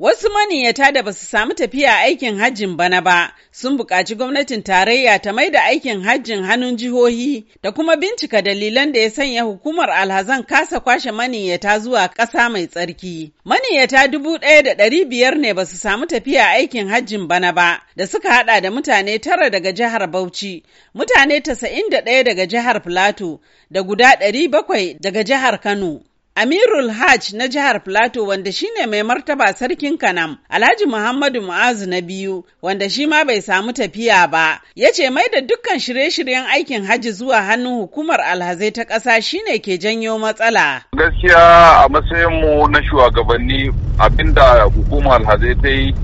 Wasu maniyyata da ba su samu tafiya aikin hajjin bana ba sun buƙaci gwamnatin tarayya ta mai da aikin hajjin hannun jihohi da kuma bincika dalilan da ya sanya hukumar alhazan kasa kwashe maniyyata zuwa ƙasa mai tsarki. Maniyyata dubu ɗaya da ɗari biyar ne ba su samu tafiya aikin hajjin bana ba da suka haɗa da mutane tara daga jihar Bauchi, mutane tasa'in da ɗaya daga jihar Filato da guda ɗari bakwai daga jihar Kano. Amirul Hajj na jihar Plateau wanda shine mai martaba sarkin Kanam, Alhaji Muhammadu Mu'azu na biyu wanda shi ma bai samu tafiya ba, ya ce mai da dukkan shirye-shiryen aikin hajji zuwa hannun hukumar alhazai ta ƙasa shine ke janyo matsala. Gaskiya a matsayinmu na shugabanni abinda hukumar alhazai ta yi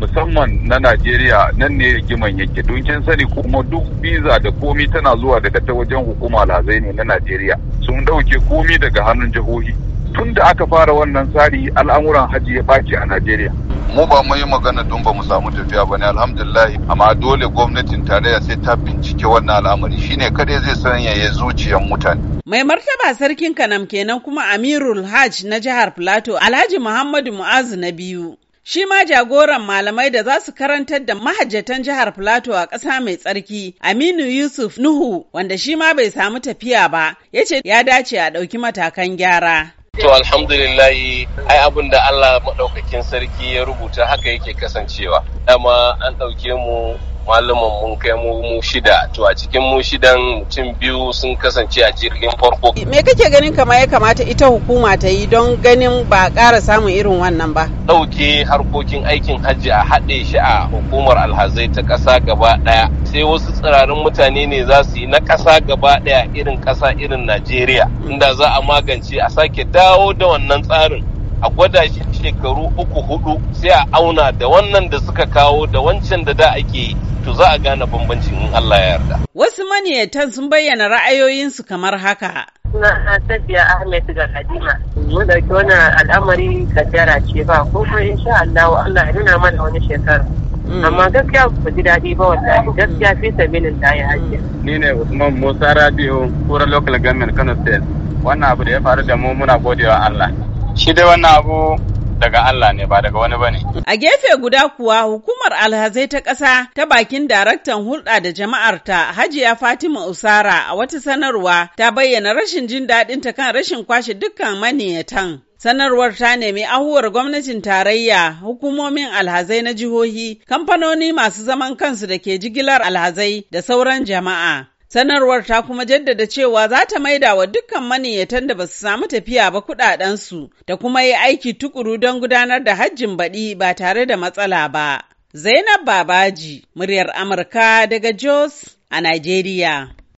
musamman na najeriya nan ne giman yake don kin sani kuma duk biza da komi tana zuwa daga ta wajen hukuma alhazai ne na najeriya sun dauke komi daga hannun jihohi tun da aka fara wannan tsari al'amuran haji ya baki a najeriya mu ba mu yi magana don ba mu samu tafiya ba ne alhamdulillahi amma dole gwamnatin tarayya sai ta bincike wannan al'amari shine kadai zai ya zuciyar mutane Mai martaba sarkin Kanam kenan kuma Amirul Hajj na jihar Plateau Alhaji Muhammadu Mu'azu na biyu Shi ma jagoran malamai da za su karantar da mahajjatan jihar Filato a ƙasa mai tsarki, Aminu Yusuf Nuhu, wanda shi ma bai samu tafiya ba, ya ce ya dace a ɗauki matakan gyara. To alhamdulillahi ai abin da Allah maɗaukakin sarki ya rubuta haka yake kasancewa. Dama an ɗauke mu malaman mun kai mu shida to a cikin mu shidan mutum biyu sun kasance a jirgin farko me kake ganin kama ya kamata ita hukuma ta yi don ganin ba ƙara samun irin wannan ba ɗauke harkokin aikin hajji a haɗe shi a hukumar alhazai ta ƙasa gaba ɗaya sai wasu tsirarin mutane ne za su yi na ƙasa gaba ɗaya irin ƙasa irin najeriya hmm. inda za a magance a sake dawo da wannan tsarin a gwada shi shekaru uku hudu sai a auna da wannan da suka kawo da wancan da da ake yi to za a gane bambancin in Allah ya yarda. Wasu maniyatan sun bayyana ra'ayoyinsu kamar haka. Suna tafiya Ahmed ga Kadima. Mun ɗauki wannan al'amari kaddara ce ba ko kuma insha Allah Allah ya nuna mana wani shekara. Mm. amma gaskiya ba ji daɗi ba wallahi gaskiya fi sabilin ta yi hajji. Ni ne Usman Musa Rabiu, Kura Local Government Kano State. Wannan abu da ya faru da mu muna godewa Allah. Shi dai wannan abu daga Allah ne ba daga wani bane. A gefe guda kuwa hukumar alhazai ta ƙasa ta bakin daraktan hulɗa da Jama'arta, Hajiya Fatima Usara a wata sanarwa ta bayyana rashin jin daɗin ta kan rashin kwashe dukkan maniyatan. Sanarwar ta nemi ahuwar gwamnatin tarayya, hukumomin alhazai na jihohi, kamfanoni masu zaman kansu da ke jigilar alhazai da sauran jama'a. Sanarwar ta kuma jaddada cewa za ta maida wa dukkan maniyyatan da ba su samu tafiya ba kudadensu da kuma yi aiki tukuru don gudanar da hajjin baɗi ba tare da matsala ba. Zainab Babaji, muryar Amurka daga Jos a Najeriya.